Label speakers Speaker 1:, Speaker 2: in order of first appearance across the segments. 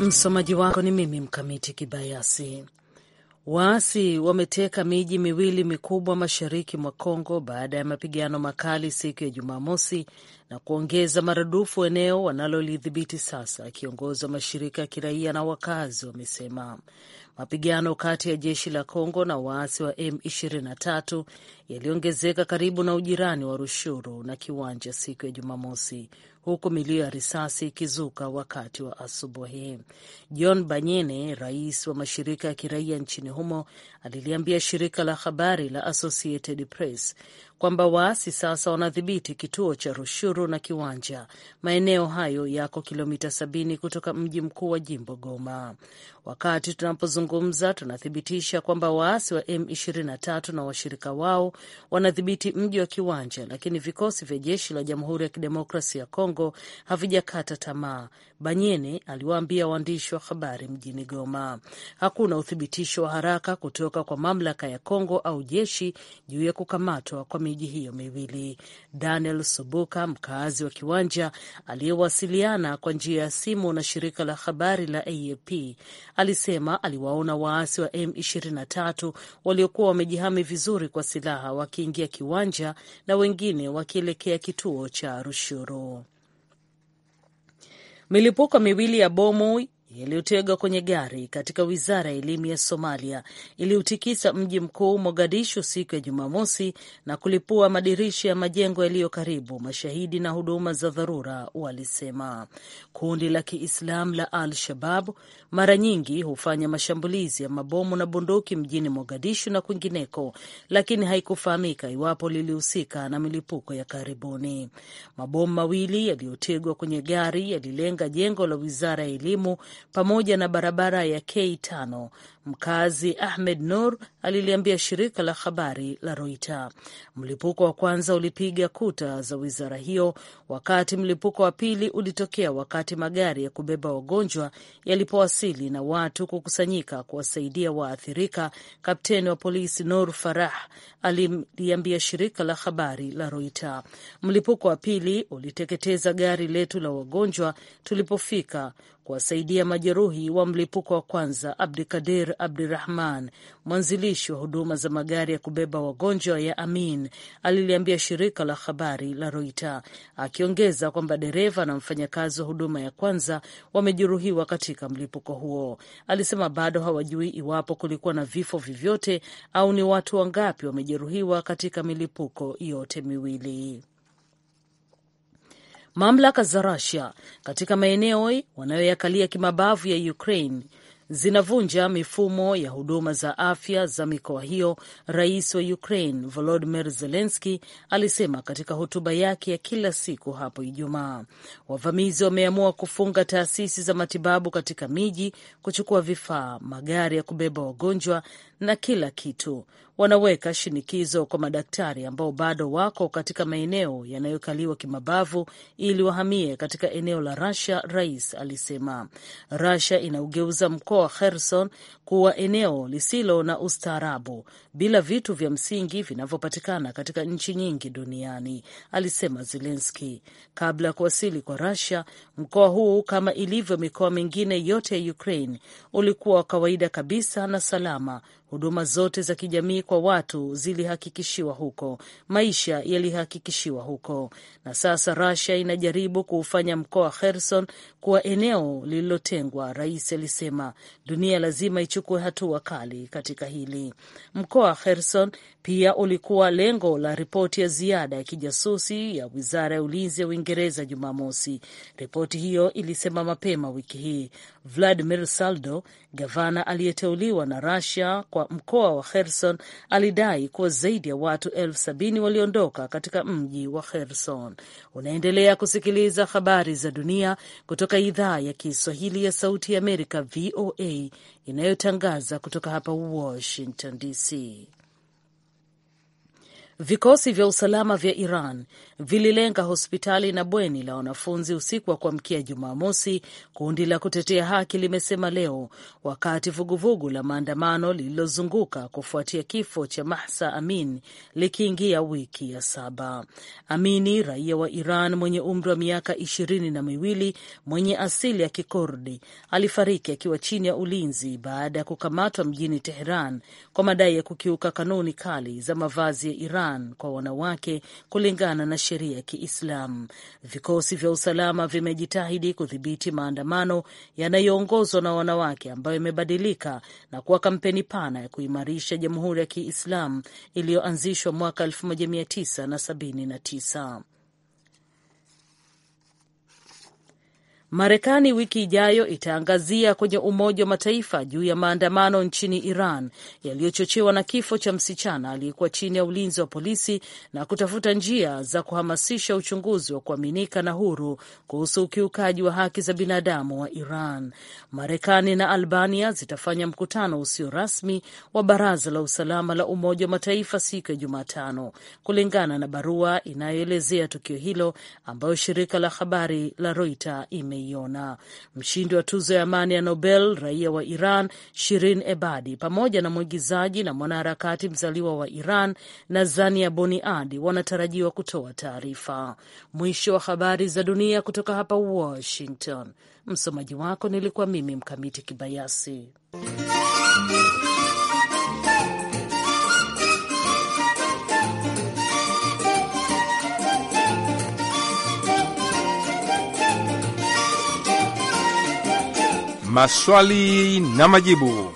Speaker 1: Msomaji wako ni mimi Mkamiti Kibayasi. Waasi wameteka miji miwili mikubwa mashariki mwa Kongo baada ya mapigano makali siku ya Jumamosi na kuongeza maradufu eneo wanalolidhibiti sasa, kiongozi wa mashirika ya kiraia na wakazi wamesema. Mapigano kati ya jeshi la Kongo na waasi wa M23 yaliyoongezeka karibu na ujirani wa Rushuru na Kiwanja siku ya Jumamosi, huku milio ya risasi ikizuka wakati wa asubuhi. John Banyene, rais wa mashirika ya kiraia nchini humo, aliliambia shirika la habari la Associated Press kwamba waasi sasa wanadhibiti kituo cha Rushuru na Kiwanja. Maeneo hayo yako kilomita sabini kutoka mji mkuu wa jimbo Goma. Wakati tunapozungumza, tunathibitisha kwamba waasi wa M23 na washirika wao wanadhibiti mji wa Kiwanja, lakini vikosi vya jeshi la Jamhuri ya Kidemokrasi ya Kongo havijakata tamaa. Banyene aliwaambia waandishi wa habari mjini Goma. Hakuna uthibitisho wa haraka kutoka kwa mamlaka ya Kongo au jeshi juu ya kukamatwa kwa miji hiyo miwili. Daniel Subuka, mkaazi wa Kiwanja, aliyewasiliana kwa njia ya simu na shirika la habari la AFP, alisema aliwaona waasi wa M23 waliokuwa wamejihami vizuri kwa silaha wakiingia Kiwanja na wengine wakielekea kituo cha Rushuru. Milipuko miwili ya bomu yaliyotegwa kwenye gari katika wizara ya elimu ya Somalia iliutikisa mji mkuu Mogadishu siku ya Jumamosi na kulipua madirisha ya majengo yaliyo karibu, mashahidi na huduma za dharura walisema. Kundi la Kiislamu la Al Shababu mara nyingi hufanya mashambulizi ya mabomu na bunduki mjini Mogadishu na kwingineko, lakini haikufahamika iwapo lilihusika na milipuko ya karibuni. Mabomu mawili yaliyotegwa kwenye gari yalilenga jengo la wizara ya elimu pamoja na barabara ya K5 Mkazi Ahmed Nur aliliambia shirika la habari la roita mlipuko wa kwanza ulipiga kuta za wizara hiyo, wakati mlipuko wa pili ulitokea wakati magari ya kubeba wagonjwa yalipowasili na watu kukusanyika kuwasaidia waathirika. Kapteni wa polisi Nur Farah aliliambia shirika la habari la roita mlipuko wa pili uliteketeza gari letu la wagonjwa tulipofika kuwasaidia majeruhi wa mlipuko wa kwanza. Abdikadir abdurahman mwanzilishi wa huduma za magari ya kubeba wagonjwa ya Amin, aliliambia shirika la habari la Reuters, akiongeza kwamba dereva na mfanyakazi wa huduma ya kwanza wamejeruhiwa katika mlipuko huo. Alisema bado hawajui iwapo kulikuwa na vifo vyovyote au ni watu wangapi wamejeruhiwa katika milipuko yote miwili. Mamlaka za rasia katika maeneo wanayoyakalia kimabavu ya Ukraine zinavunja mifumo ya huduma za afya za mikoa hiyo, rais wa Ukraine volodimir zelenski alisema katika hotuba yake ya kila siku hapo Ijumaa. Wavamizi wameamua kufunga taasisi za matibabu katika miji, kuchukua vifaa, magari ya kubeba wagonjwa na kila kitu. Wanaweka shinikizo kwa madaktari ambao bado wako katika maeneo yanayokaliwa kimabavu ili wahamie katika eneo la rasia rais alisema. Russia inaugeuza mkoa wa Kherson kuwa eneo lisilo na ustaarabu bila vitu vya msingi vinavyopatikana katika nchi nyingi duniani, alisema Zelenski. Kabla ya kuwasili kwa rasia mkoa huu kama ilivyo mikoa mingine yote ya Ukraine ulikuwa wa kawaida kabisa na salama Huduma zote za kijamii kwa watu zilihakikishiwa huko, maisha yalihakikishiwa huko, na sasa Russia inajaribu kuufanya mkoa Kherson kuwa eneo lililotengwa. Rais alisema dunia lazima ichukue hatua kali katika hili. Mkoa wa Kherson pia ulikuwa lengo la ripoti ya ziada ya kijasusi ya wizara ya ulinzi ya Uingereza Jumamosi. Ripoti hiyo ilisema mapema wiki hii Vladimir Saldo Gavana aliyeteuliwa na Russia kwa mkoa wa Kherson alidai kuwa zaidi ya watu elfu sabini waliondoka katika mji wa Kherson. Unaendelea kusikiliza habari za dunia kutoka idhaa ya Kiswahili ya Sauti ya Amerika, VOA, inayotangaza kutoka hapa Washington DC. Vikosi vya usalama vya Iran vililenga hospitali na bweni la wanafunzi usiku wa kuamkia Jumamosi, kundi la kutetea haki limesema leo, wakati vuguvugu la maandamano lililozunguka kufuatia kifo cha Mahsa Amin likiingia wiki ya saba. Amini, raia wa Iran mwenye umri wa miaka ishirini na miwili, mwenye asili ya Kikurdi, alifariki akiwa chini ya ulinzi baada ya kukamatwa mjini Teheran kwa madai ya kukiuka kanuni kali za mavazi ya Iran Quran kwa wanawake kulingana na sheria ya Kiislamu. Vikosi vya usalama vimejitahidi kudhibiti maandamano yanayoongozwa na wanawake ambayo imebadilika na kuwa kampeni pana ya kuimarisha Jamhuri ya Kiislamu iliyoanzishwa mwaka 1979. Marekani wiki ijayo itaangazia kwenye Umoja wa Mataifa juu ya maandamano nchini Iran yaliyochochewa na kifo cha msichana aliyekuwa chini ya ulinzi wa polisi na kutafuta njia za kuhamasisha uchunguzi wa kuaminika na huru kuhusu ukiukaji wa haki za binadamu wa Iran. Marekani na Albania zitafanya mkutano usio rasmi wa Baraza la Usalama la Umoja wa Mataifa siku ya Jumatano, kulingana na barua inayoelezea tukio hilo ambayo shirika la habari la Reuters wanaiona. Mshindi wa tuzo ya amani ya Nobel, raia wa Iran Shirin Ebadi, pamoja na mwigizaji na mwanaharakati mzaliwa wa Iran Nazania Boniadi wanatarajiwa kutoa taarifa. Mwisho wa habari za dunia kutoka hapa Washington. Msomaji wako nilikuwa mimi Mkamiti Kibayasi.
Speaker 2: maswali na majibu.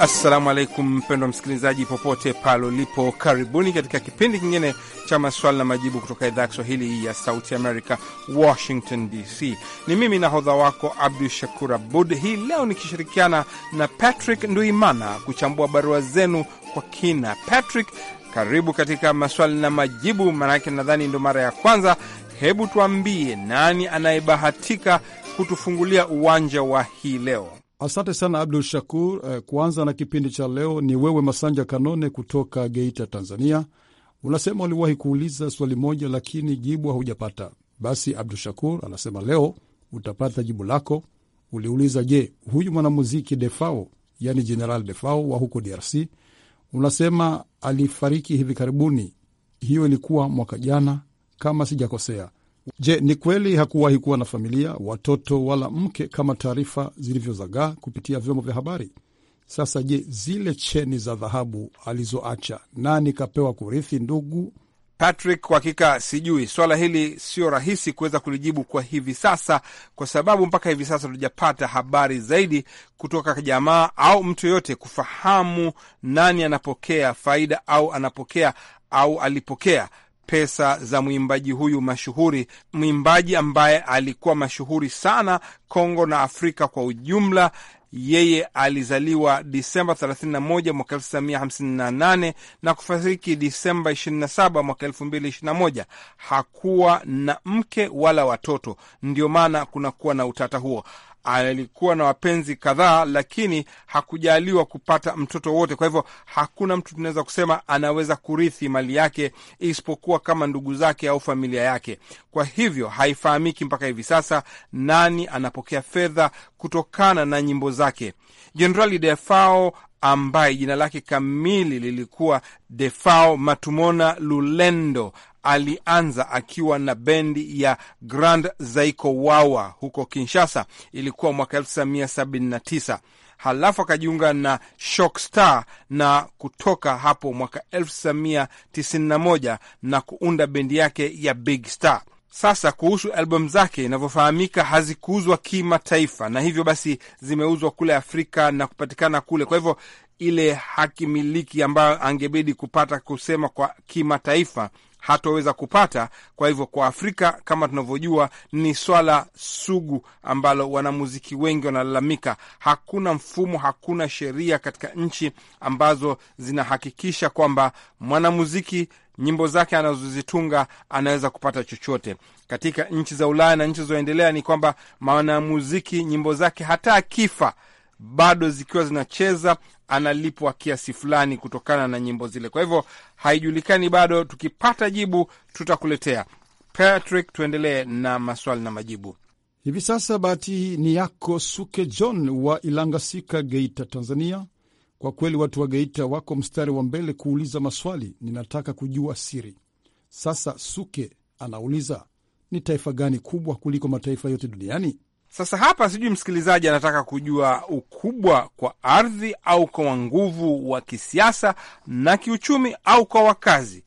Speaker 2: Assalamu alaikum, mpendwa msikilizaji, popote pale ulipo, karibuni katika kipindi kingine cha maswali na majibu kutoka idhaa ya Kiswahili ya Sauti Amerika, Washington DC. Ni mimi nahodha wako Abdu Shakur Abud, hii leo nikishirikiana na Patrick Nduimana kuchambua barua zenu kwa kina. Patrick karibu katika maswali na majibu, manake nadhani ndo mara ya kwanza. Hebu tuambie nani anayebahatika kutufungulia uwanja wa hii leo?
Speaker 3: Asante sana Abdul Shakur. Eh, kwanza na kipindi cha leo ni wewe Masanja Kanone kutoka Geita, Tanzania. Unasema uliwahi kuuliza swali moja lakini jibu haujapata. Basi Abdul Shakur anasema leo utapata jibu lako. Uliuliza, je, huyu mwanamuziki Defao, yani General Defao wa huko DRC Unasema alifariki hivi karibuni, hiyo ilikuwa mwaka jana kama sijakosea. Je, ni kweli hakuwahi kuwa na familia, watoto wala mke kama taarifa zilivyozagaa kupitia vyombo vya habari? Sasa je, zile cheni za dhahabu alizoacha nani kapewa kurithi? Ndugu
Speaker 2: Patrick, kwa hakika sijui swala hili, sio rahisi kuweza kulijibu kwa hivi sasa, kwa sababu mpaka hivi sasa hatujapata habari zaidi kutoka jamaa au mtu yoyote kufahamu nani anapokea faida au anapokea au alipokea pesa za mwimbaji huyu mashuhuri, mwimbaji ambaye alikuwa mashuhuri sana Kongo na Afrika kwa ujumla, yeye alizaliwa Disemba 31 mwaka 1958 na kufariki Disemba 27 mwaka 2021. Hakuwa na mke wala watoto, ndio maana kunakuwa na utata huo alikuwa na wapenzi kadhaa, lakini hakujaliwa kupata mtoto wote. Kwa hivyo hakuna mtu tunaweza kusema anaweza kurithi mali yake isipokuwa kama ndugu zake au familia yake. Kwa hivyo haifahamiki mpaka hivi sasa nani anapokea fedha kutokana na nyimbo zake. Jenerali Defao ambaye jina lake kamili lilikuwa Defao Matumona Lulendo alianza akiwa na bendi ya Grand Zaiko Wawa huko Kinshasa, ilikuwa mwaka 1979. Halafu akajiunga na Shock Star na kutoka hapo mwaka 1991 na kuunda bendi yake ya Big Star. Sasa kuhusu albamu zake, inavyofahamika hazikuuzwa kimataifa, na hivyo basi zimeuzwa kule Afrika na kupatikana kule. Kwa hivyo ile haki miliki ambayo angebidi kupata kusema kwa kimataifa hatoweza kupata. Kwa hivyo, kwa Afrika kama tunavyojua, ni swala sugu ambalo wanamuziki wengi wanalalamika. Hakuna mfumo, hakuna sheria katika nchi ambazo zinahakikisha kwamba mwanamuziki nyimbo zake anazozitunga anaweza kupata chochote. Katika nchi za Ulaya na nchi zilizoendelea ni kwamba mwanamuziki nyimbo zake hata akifa bado zikiwa zinacheza analipwa kiasi fulani kutokana na nyimbo zile. Kwa hivyo haijulikani bado, tukipata jibu tutakuletea. Patrick, tuendelee na maswali na majibu.
Speaker 3: Hivi sasa bahati ni yako, Suke John wa Ilangasika, Geita, Tanzania. Kwa kweli watu wa Geita wako mstari wa mbele kuuliza maswali, ninataka kujua siri. Sasa Suke anauliza ni taifa gani kubwa kuliko mataifa yote duniani?
Speaker 2: Sasa hapa sijui msikilizaji anataka kujua ukubwa kwa ardhi au kwa nguvu wa kisiasa na kiuchumi au kwa wakazi.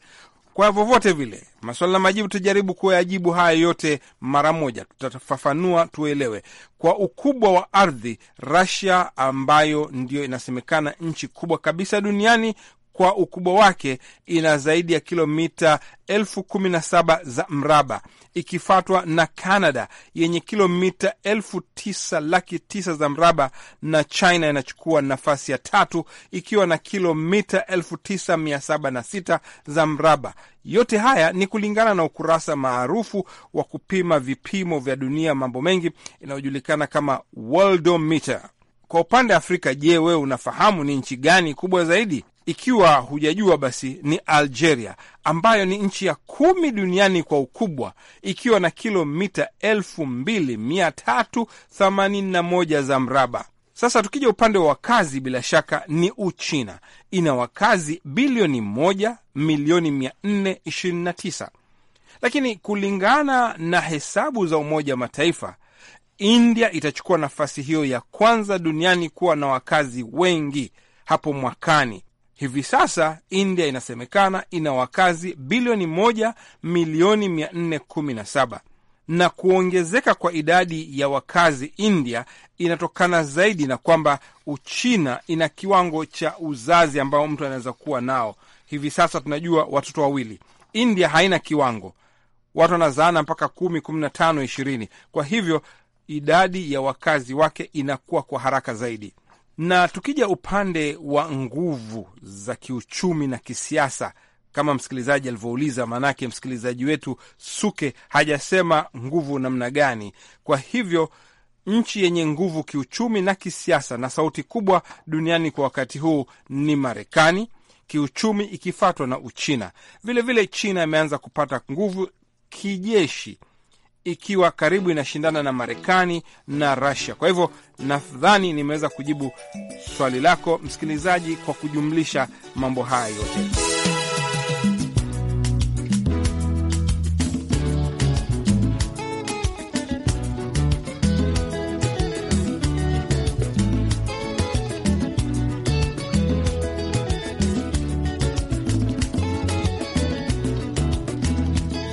Speaker 2: Kwa vyovyote vile, maswala na majibu, tutajaribu kuyajibu haya yote mara moja, tutafafanua tuelewe. Kwa ukubwa wa ardhi, Russia ambayo ndiyo inasemekana nchi kubwa kabisa duniani kwa ukubwa wake ina zaidi ya kilomita elfu kumi na saba za mraba ikifuatwa na Canada yenye kilomita elfu tisa laki tisa za mraba na China inachukua nafasi ya tatu ikiwa na kilomita elfu tisa mia saba na sita za mraba. Yote haya ni kulingana na ukurasa maarufu wa kupima vipimo vya dunia mambo mengi inayojulikana kama Worldometer. Kwa upande wa Afrika, je, wewe unafahamu ni nchi gani kubwa zaidi? Ikiwa hujajua, basi ni Algeria ambayo ni nchi ya kumi duniani kwa ukubwa ikiwa na kilomita 2381 za mraba. Sasa tukija upande wa wakazi, bila shaka ni Uchina, ina wakazi bilioni moja milioni tisa lakini kulingana na hesabu za Umoja wa Mataifa, India itachukua nafasi hiyo ya kwanza duniani kuwa na wakazi wengi hapo mwakani Hivi sasa India inasemekana ina wakazi bilioni moja milioni mia nne kumi na saba na kuongezeka kwa idadi ya wakazi India inatokana zaidi na kwamba Uchina ina kiwango cha uzazi ambao mtu anaweza kuwa nao. Hivi sasa tunajua watoto wawili. India haina kiwango, watu wanazaana mpaka kumi, kumi na tano, ishirini. Kwa hivyo idadi ya wakazi wake inakuwa kwa haraka zaidi. Na tukija upande wa nguvu za kiuchumi na kisiasa, kama msikilizaji alivyouliza, maanake msikilizaji wetu Suke hajasema nguvu namna gani. Kwa hivyo nchi yenye nguvu kiuchumi na kisiasa na sauti kubwa duniani kwa wakati huu ni Marekani kiuchumi, ikifatwa na Uchina. Vilevile vile China imeanza kupata nguvu kijeshi ikiwa karibu inashindana na Marekani na rasia Kwa hivyo nadhani nimeweza kujibu swali lako msikilizaji, kwa kujumlisha mambo haya yote.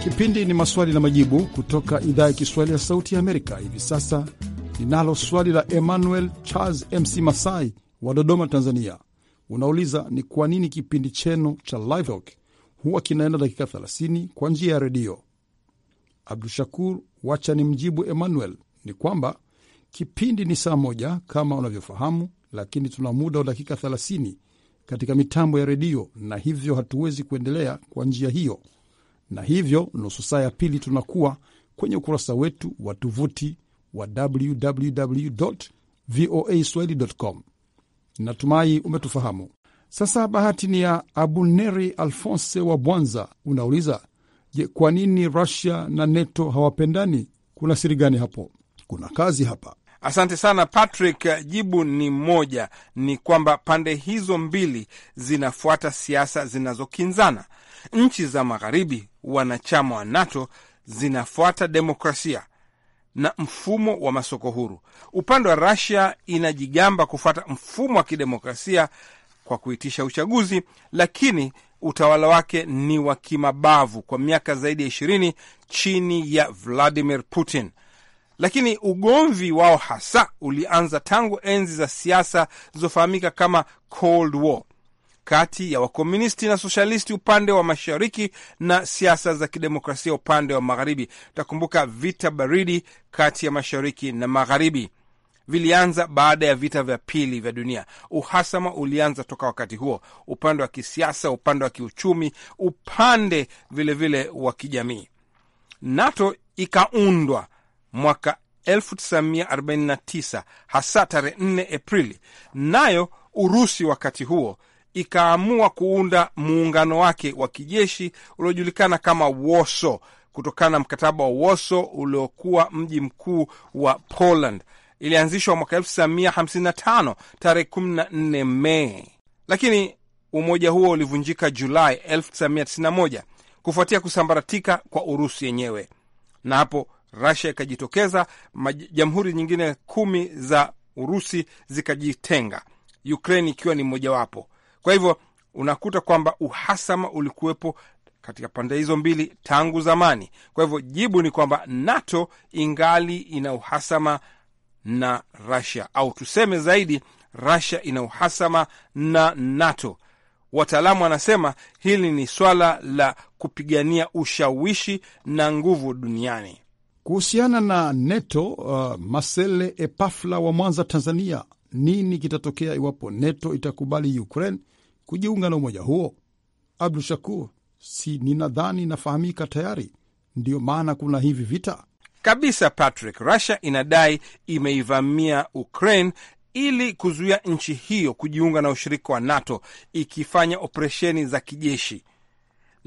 Speaker 3: Kipindi ni maswali na majibu kutoka idhaa ya Kiswahili ya Sauti ya Amerika. Hivi sasa ninalo swali la Emmanuel Charles Mc Masai wa Dodoma, Tanzania. Unauliza, ni kwa nini kipindi chenu cha LiveHawk huwa kinaenda dakika 30 kwa njia ya redio? abdu shakur wacha ni mjibu Emmanuel ni kwamba kipindi ni saa moja kama unavyofahamu, lakini tuna muda wa dakika 30 katika mitambo ya redio na hivyo hatuwezi kuendelea kwa njia hiyo na hivyo nusu saa ya pili tunakuwa kwenye ukurasa wetu wa tovuti wa www voa com Natumai umetufahamu. Sasa bahati ni ya Abuneri Alfonse wa Bwanza, unauliza je, kwa nini Rusia na Neto hawapendani? Kuna siri gani hapo? Kuna kazi hapa.
Speaker 2: Asante sana Patrick. Jibu ni moja, ni kwamba pande hizo mbili zinafuata siasa zinazokinzana. Nchi za magharibi wanachama wa NATO zinafuata demokrasia na mfumo wa masoko huru. Upande wa Russia inajigamba kufuata mfumo wa kidemokrasia kwa kuitisha uchaguzi, lakini utawala wake ni wa kimabavu kwa miaka zaidi ya ishirini chini ya Vladimir Putin lakini ugomvi wao hasa ulianza tangu enzi za siasa zilizofahamika kama Cold War kati ya wakomunisti na sosialisti upande wa mashariki na siasa za kidemokrasia upande wa magharibi. Utakumbuka vita baridi kati ya mashariki na magharibi vilianza baada ya vita vya pili vya dunia. Uhasama ulianza toka wakati huo, upande wa kisiasa, upande wa kiuchumi, upande vilevile wa kijamii. NATO ikaundwa mwaka 1949 hasa tarehe 4 Aprili. Nayo Urusi wakati huo ikaamua kuunda muungano wake wa kijeshi uliojulikana kama woso kutokana na mkataba wa woso uliokuwa mji mkuu wa Poland. Ilianzishwa mwaka 1955 tarehe 14 Mei, lakini umoja huo ulivunjika Julai 1991 kufuatia kusambaratika kwa Urusi yenyewe, na hapo Rasia ikajitokeza, jamhuri nyingine kumi za Urusi zikajitenga, Ukraine ikiwa ni mojawapo. Kwa hivyo unakuta kwamba uhasama ulikuwepo katika pande hizo mbili tangu zamani. Kwa hivyo jibu ni kwamba NATO ingali ina uhasama na Rasia, au tuseme zaidi, Rasia ina uhasama na NATO. Wataalamu wanasema hili ni swala la kupigania ushawishi na nguvu duniani.
Speaker 3: Kuhusiana na NETO, uh, Masele Epafla wa Mwanza, Tanzania, nini kitatokea iwapo NETO itakubali Ukraine kujiunga na umoja huo? Abdu Shakur, si ninadhani nafahamika tayari, ndiyo maana kuna hivi vita
Speaker 2: kabisa. Patrick, Russia inadai imeivamia Ukraine ili kuzuia nchi hiyo kujiunga na ushirika wa NATO ikifanya operesheni za kijeshi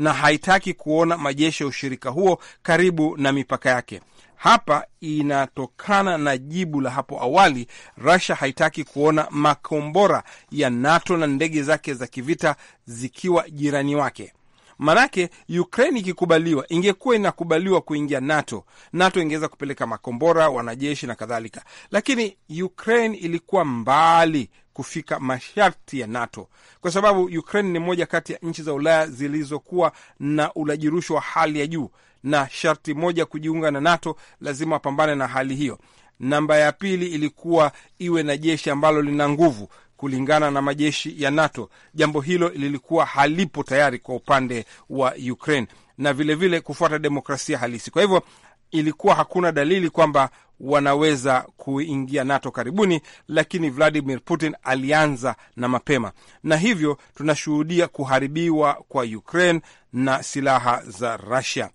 Speaker 2: na haitaki kuona majeshi ya ushirika huo karibu na mipaka yake. Hapa inatokana na jibu la hapo awali. Russia haitaki kuona makombora ya NATO na ndege zake za kivita zikiwa jirani wake. Manake Ukraine ikikubaliwa, ingekuwa inakubaliwa kuingia NATO, NATO ingeweza kupeleka makombora, wanajeshi na kadhalika, lakini Ukraine ilikuwa mbali kufika masharti ya NATO kwa sababu Ukraine ni moja kati ya nchi za Ulaya zilizokuwa na ulaji rushwa wa hali ya juu, na sharti moja kujiunga na NATO lazima wapambane na hali hiyo. Namba ya pili ilikuwa iwe na jeshi ambalo lina nguvu kulingana na majeshi ya NATO. Jambo hilo lilikuwa halipo tayari kwa upande wa Ukraine na vilevile vile kufuata demokrasia halisi. Kwa hivyo ilikuwa hakuna dalili kwamba wanaweza kuingia NATO karibuni, lakini Vladimir Putin alianza na mapema, na hivyo tunashuhudia kuharibiwa kwa Ukraine na silaha za Russia.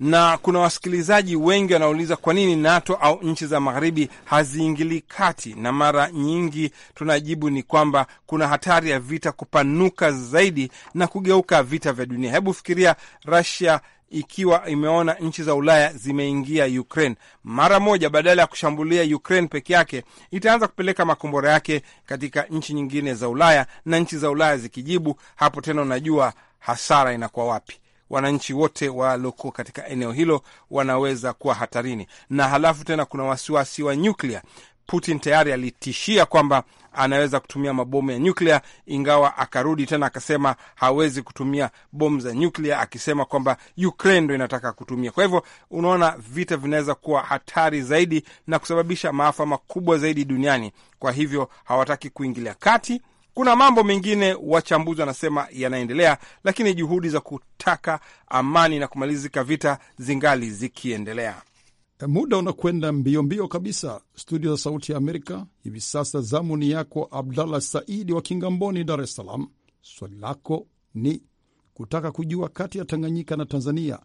Speaker 2: Na kuna wasikilizaji wengi wanaouliza kwa nini NATO au nchi za magharibi haziingilii kati, na mara nyingi tunajibu ni kwamba kuna hatari ya vita kupanuka zaidi na kugeuka vita vya dunia. Hebu fikiria Russia ikiwa imeona nchi za Ulaya zimeingia Ukraine mara moja, badala ya kushambulia Ukraine peke yake, itaanza kupeleka makombora yake katika nchi nyingine za Ulaya, na nchi za Ulaya zikijibu, hapo tena unajua hasara inakuwa wapi? Wananchi wote waliokuwa katika eneo hilo wanaweza kuwa hatarini, na halafu tena kuna wasiwasi wa nyuklia. Putin tayari alitishia kwamba anaweza kutumia mabomu ya nyuklia, ingawa akarudi tena akasema hawezi kutumia bomu za nyuklia, akisema kwamba Ukraine ndo inataka kutumia. Kwa hivyo unaona vita vinaweza kuwa hatari zaidi na kusababisha maafa makubwa zaidi duniani. Kwa hivyo hawataki kuingilia kati. Kuna mambo mengine wachambuzi wanasema yanaendelea, lakini juhudi za kutaka amani na kumalizika vita zingali zikiendelea.
Speaker 3: Muda unakwenda mbio mbio kabisa. Studio za Sauti ya Amerika hivi sasa, zamu ni yako Abdallah Saidi wa Kingamboni, Dar es Salaam. Swali lako ni kutaka kujua kati ya Tanganyika na Tanzania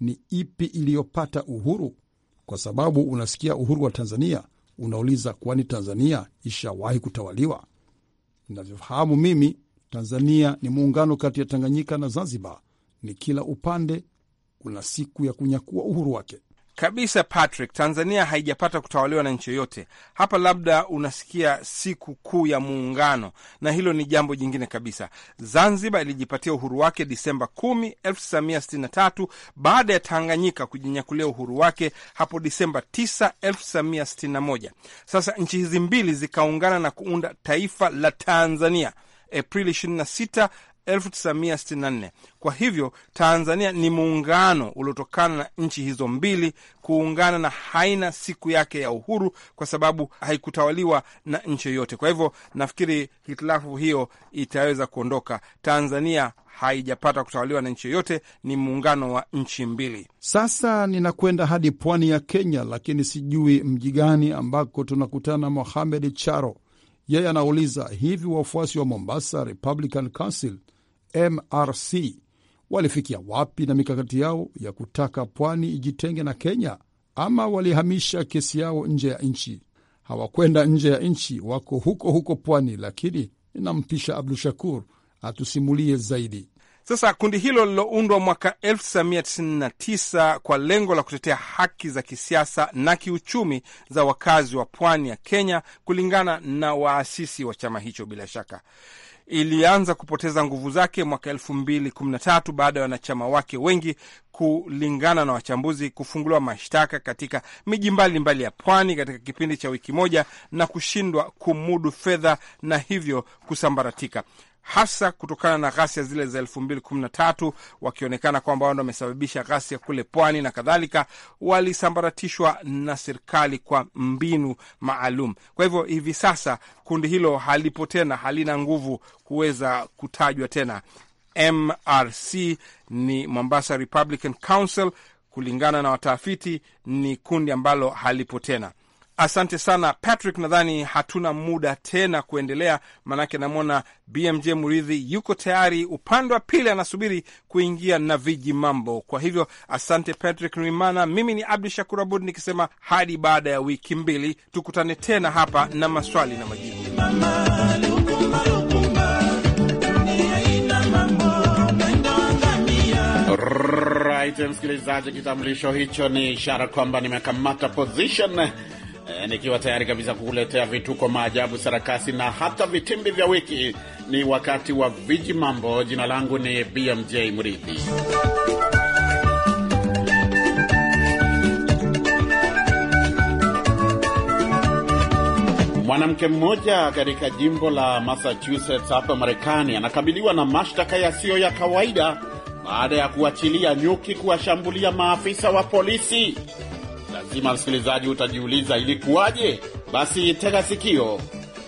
Speaker 3: ni ipi iliyopata uhuru, kwa sababu unasikia uhuru wa Tanzania unauliza, kwani Tanzania ishawahi kutawaliwa? inavyofahamu mimi, Tanzania ni muungano kati ya Tanganyika na Zanzibar, ni kila upande una siku ya kunyakua uhuru wake
Speaker 2: kabisa Patrick, Tanzania haijapata kutawaliwa na nchi yoyote. Hapa labda unasikia siku kuu ya Muungano, na hilo ni jambo jingine kabisa. Zanzibar ilijipatia uhuru wake Disemba 10, 1963 baada ya Tanganyika kujinyakulia uhuru wake hapo Disemba 9, 1961. Sasa nchi hizi mbili zikaungana na kuunda taifa la Tanzania Aprili 26, 1964. Kwa hivyo Tanzania ni muungano uliotokana na nchi hizo mbili kuungana, na haina siku yake ya uhuru kwa sababu haikutawaliwa na nchi yoyote. Kwa hivyo nafikiri hitilafu hiyo itaweza kuondoka. Tanzania haijapata kutawaliwa na nchi yoyote, ni muungano wa nchi mbili.
Speaker 3: Sasa ninakwenda hadi pwani ya Kenya, lakini sijui mji gani ambako tunakutana Mohamed Charo. Yeye anauliza hivi, wafuasi wa Mombasa Republican Council MRC walifikia wapi na mikakati yao ya kutaka pwani ijitenge na Kenya, ama walihamisha kesi yao nje ya nchi? Hawakwenda nje ya nchi, wako huko huko pwani, lakini inampisha Abdu Shakur atusimulie zaidi.
Speaker 2: Sasa kundi hilo lililoundwa mwaka 1999 kwa lengo la kutetea haki za kisiasa na kiuchumi za wakazi wa pwani ya Kenya, kulingana na waasisi wa chama hicho, bila shaka ilianza kupoteza nguvu zake mwaka elfu mbili kumi na tatu baada ya wanachama wake wengi kulingana na wachambuzi kufunguliwa mashtaka katika miji mbalimbali ya pwani katika kipindi cha wiki moja na kushindwa kumudu fedha na hivyo kusambaratika hasa kutokana na ghasia zile za elfu mbili kumi na tatu wakionekana kwamba wao wamesababisha ghasia kule pwani na kadhalika, walisambaratishwa na serikali kwa mbinu maalum. Kwa hivyo hivi sasa kundi hilo halipo tena, halina nguvu kuweza kutajwa tena. MRC ni Mombasa Republican Council, kulingana na watafiti ni kundi ambalo halipo tena. Asante sana Patrick, nadhani hatuna muda tena kuendelea, maanake namwona BMJ Muridhi yuko tayari upande wa pili, anasubiri kuingia na viji mambo. Kwa hivyo asante Patrick Nwimana, mimi ni Abdu Shakur Abud nikisema hadi baada ya wiki mbili tukutane tena hapa na maswali na majibu.
Speaker 4: Right, msikilizaji, kitambulisho hicho ni ishara kwamba nimekamata position E, nikiwa tayari kabisa kukuletea vituko, maajabu, sarakasi na hata vitimbi vya wiki. Ni wakati wa viji mambo. Jina langu ni BMJ Mridhi. Mwanamke mmoja katika jimbo la Massachusetts hapa Marekani anakabiliwa na mashtaka yasiyo ya kawaida baada ya kuachilia nyuki kuwashambulia maafisa wa polisi lazima msikilizaji, utajiuliza ilikuwaje? Basi tega sikio.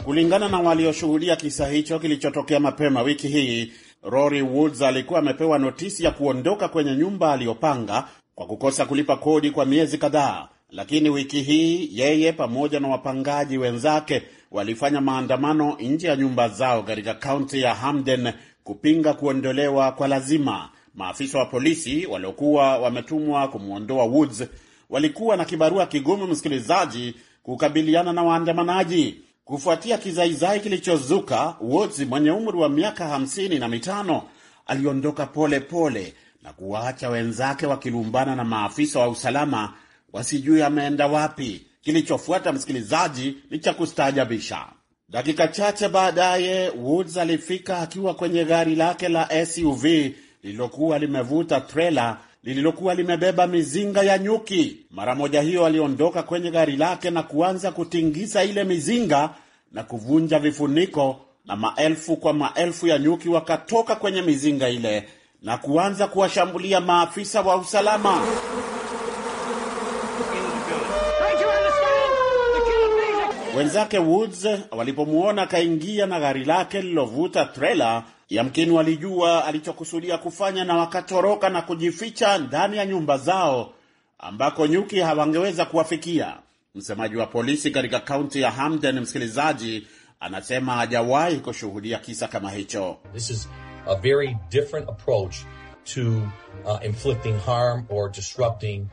Speaker 4: Kulingana na walioshuhudia kisa hicho kilichotokea mapema wiki hii, Rory Woods alikuwa amepewa notisi ya kuondoka kwenye nyumba aliyopanga kwa kukosa kulipa kodi kwa miezi kadhaa, lakini wiki hii yeye pamoja na wapangaji wenzake walifanya maandamano nje ya nyumba zao katika kaunti ya Hamden kupinga kuondolewa kwa lazima. Maafisa wa polisi waliokuwa wametumwa kumwondoa Woods walikuwa na kibarua kigumu, msikilizaji, kukabiliana na waandamanaji kufuatia kizaizai kilichozuka. Woods mwenye umri wa miaka hamsini na mitano aliondoka pole pole na kuwaacha wenzake wakilumbana na maafisa wa usalama wasijui ameenda wapi. Kilichofuata msikilizaji, ni cha kustaajabisha. Dakika chache baadaye, Woods alifika akiwa kwenye gari lake la SUV lililokuwa limevuta trela lililokuwa limebeba mizinga ya nyuki. Mara moja hiyo aliondoka kwenye gari lake na kuanza kutingisa ile mizinga na kuvunja vifuniko, na maelfu kwa maelfu ya nyuki wakatoka kwenye mizinga ile na kuanza kuwashambulia maafisa wa usalama. Wenzake Woods walipomwona akaingia na gari lake lililovuta trela Yamkini walijua alichokusudia kufanya na wakatoroka na kujificha ndani ya nyumba zao ambako nyuki hawangeweza kuwafikia. Msemaji wa polisi katika kaunti ya Hamden, msikilizaji, anasema hajawahi kushuhudia kisa kama hicho.
Speaker 1: This is a very different approach to uh, inflicting harm or disrupting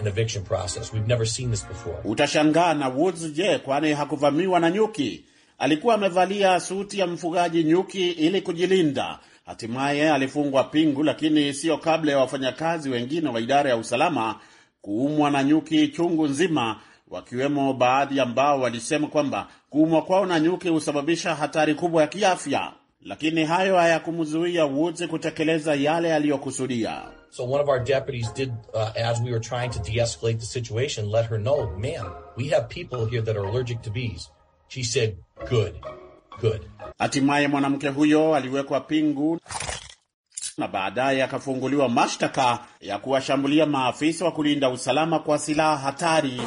Speaker 1: an eviction process. We've never seen this before.
Speaker 4: Utashangaa na Woods je, kwani hakuvamiwa na nyuki? Alikuwa amevalia suti ya mfugaji nyuki ili kujilinda. Hatimaye alifungwa pingu, lakini siyo kabla ya wafanyakazi wengine wa idara ya usalama kuumwa na nyuki chungu nzima, wakiwemo baadhi ambao walisema kwamba kuumwa kwao na nyuki husababisha hatari kubwa ya kiafya, lakini hayo hayakumzuia Woods kutekeleza yale aliyokusudia.
Speaker 1: So one of our deputies did, uh, as we were trying to de-escalate the situation, let her know, man, we have people here that are allergic to bees. She said, good,
Speaker 4: good. Hatimaye mwanamke huyo aliwekwa pingu na baadaye akafunguliwa mashtaka ya kuwashambulia maafisa wa kulinda usalama kwa silaha hatari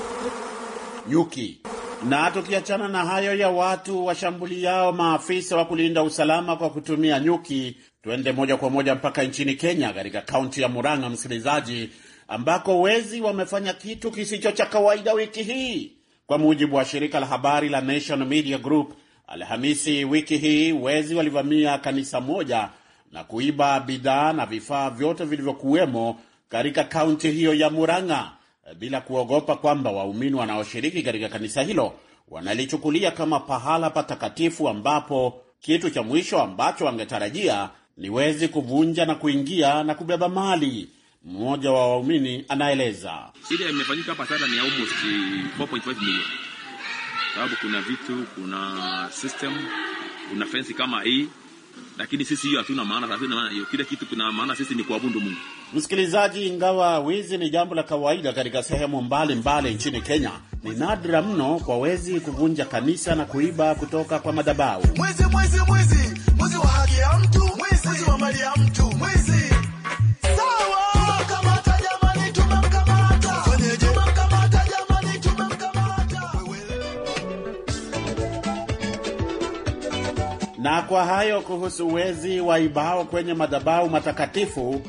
Speaker 4: nyuki. Na tukiachana na hayo ya watu washambuliao maafisa wa kulinda usalama kwa kutumia nyuki, tuende moja kwa moja mpaka nchini Kenya, katika kaunti ya Murang'a, msikilizaji, ambako wezi wamefanya kitu kisicho cha kawaida wiki hii. Kwa mujibu wa shirika la habari la Nation Media Group, Alhamisi wiki hii wezi walivamia kanisa moja na kuiba bidhaa na vifaa vyote vilivyokuwemo katika kaunti hiyo ya Murang'a bila kuogopa kwamba waumini wanaoshiriki katika kanisa hilo wanalichukulia kama pahala patakatifu ambapo kitu cha mwisho ambacho wangetarajia ni wezi kuvunja na kuingia na kubeba mali. Mmoja wa waumini anaeleza ile imefanyika hapa sana ni almost 4.5 million, sababu kuna vitu, kuna system, kuna fensi kama hii lakini sisi hiyo hatuna maana, hatuna maana hiyo. Kila kitu kuna maana, sisi ni kuabudu Mungu. Msikilizaji, ingawa wizi ni jambo la kawaida katika sehemu mbalimbali nchini Kenya, ni nadra mno kwa wezi kuvunja kanisa na kuiba kutoka kwa madhabahu.
Speaker 1: Mwizi, mwizi, mwizi, mwizi wa haki
Speaker 4: ya mtu, mwizi wa mali ya mtu, mwizi kwa hayo kuhusu wezi waibao kwenye madhabahu matakatifu,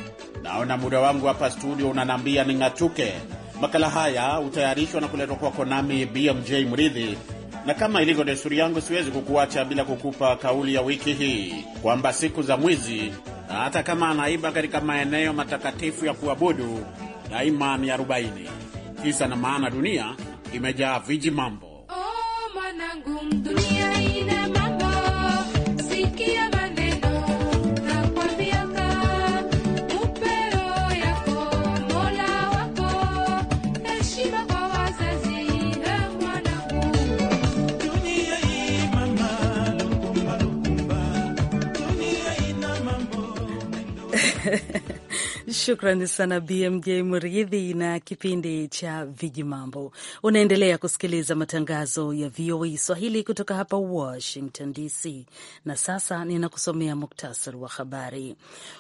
Speaker 4: naona muda wangu hapa studio unanambia ning'atuke. Makala haya hutayarishwa na kuletwa kwako nami BMJ Mridhi, na kama ilivyo desturi yangu, siwezi kukuacha bila kukupa kauli ya wiki hii kwamba siku za mwizi, na hata kama anaiba katika maeneo matakatifu ya kuabudu, daima ni arobaini. Kisa na maana, dunia imejaa viji mambo.
Speaker 1: Oh, Shukrani sana BMJ Mridhi na kipindi cha Vijimambo. Unaendelea kusikiliza matangazo ya VOA e Swahili kutoka hapa Washington DC, na sasa ninakusomea muktasari wa habari.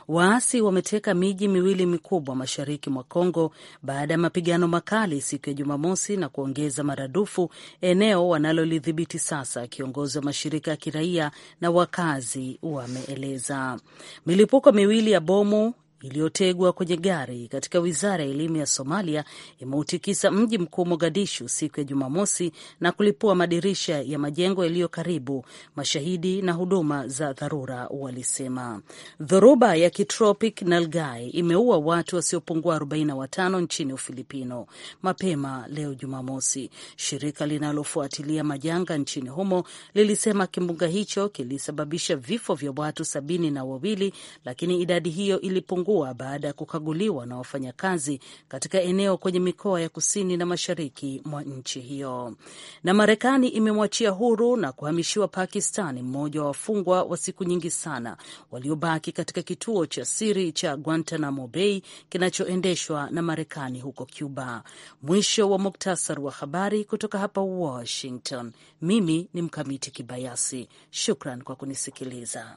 Speaker 1: Waasi wameteka miji miwili mikubwa mashariki mwa congo baada ya mapigano makali siku ya Jumamosi na kuongeza maradufu eneo wanalolidhibiti sasa, kiongozi wa mashirika ya kiraia na wakazi wameeleza. Milipuko miwili ya bomu iliyotegwa kwenye gari katika wizara ya elimu ya Somalia imeutikisa mji mkuu Mogadishu siku ya Jumamosi na kulipua madirisha ya majengo yaliyo karibu, mashahidi na huduma za dharura walisema. Dhoruba ya kitropic Nalgai imeua watu wasiopungua 45 nchini Ufilipino mapema leo Jumamosi. Shirika linalofuatilia majanga nchini humo lilisema kimbunga hicho kilisababisha vifo vya watu sabini na wawili, lakini idadi hiyo ilipungua kuwa baada ya kukaguliwa na wafanyakazi katika eneo kwenye mikoa ya kusini na mashariki mwa nchi hiyo. Na Marekani imemwachia huru na kuhamishiwa Pakistani mmoja wa wafungwa wa siku nyingi sana waliobaki katika kituo cha siri cha Guantanamo Bay kinachoendeshwa na Marekani huko Cuba. Mwisho wa muktasar wa habari kutoka hapa Washington. Mimi ni Mkamiti Kibayasi, shukran kwa kunisikiliza.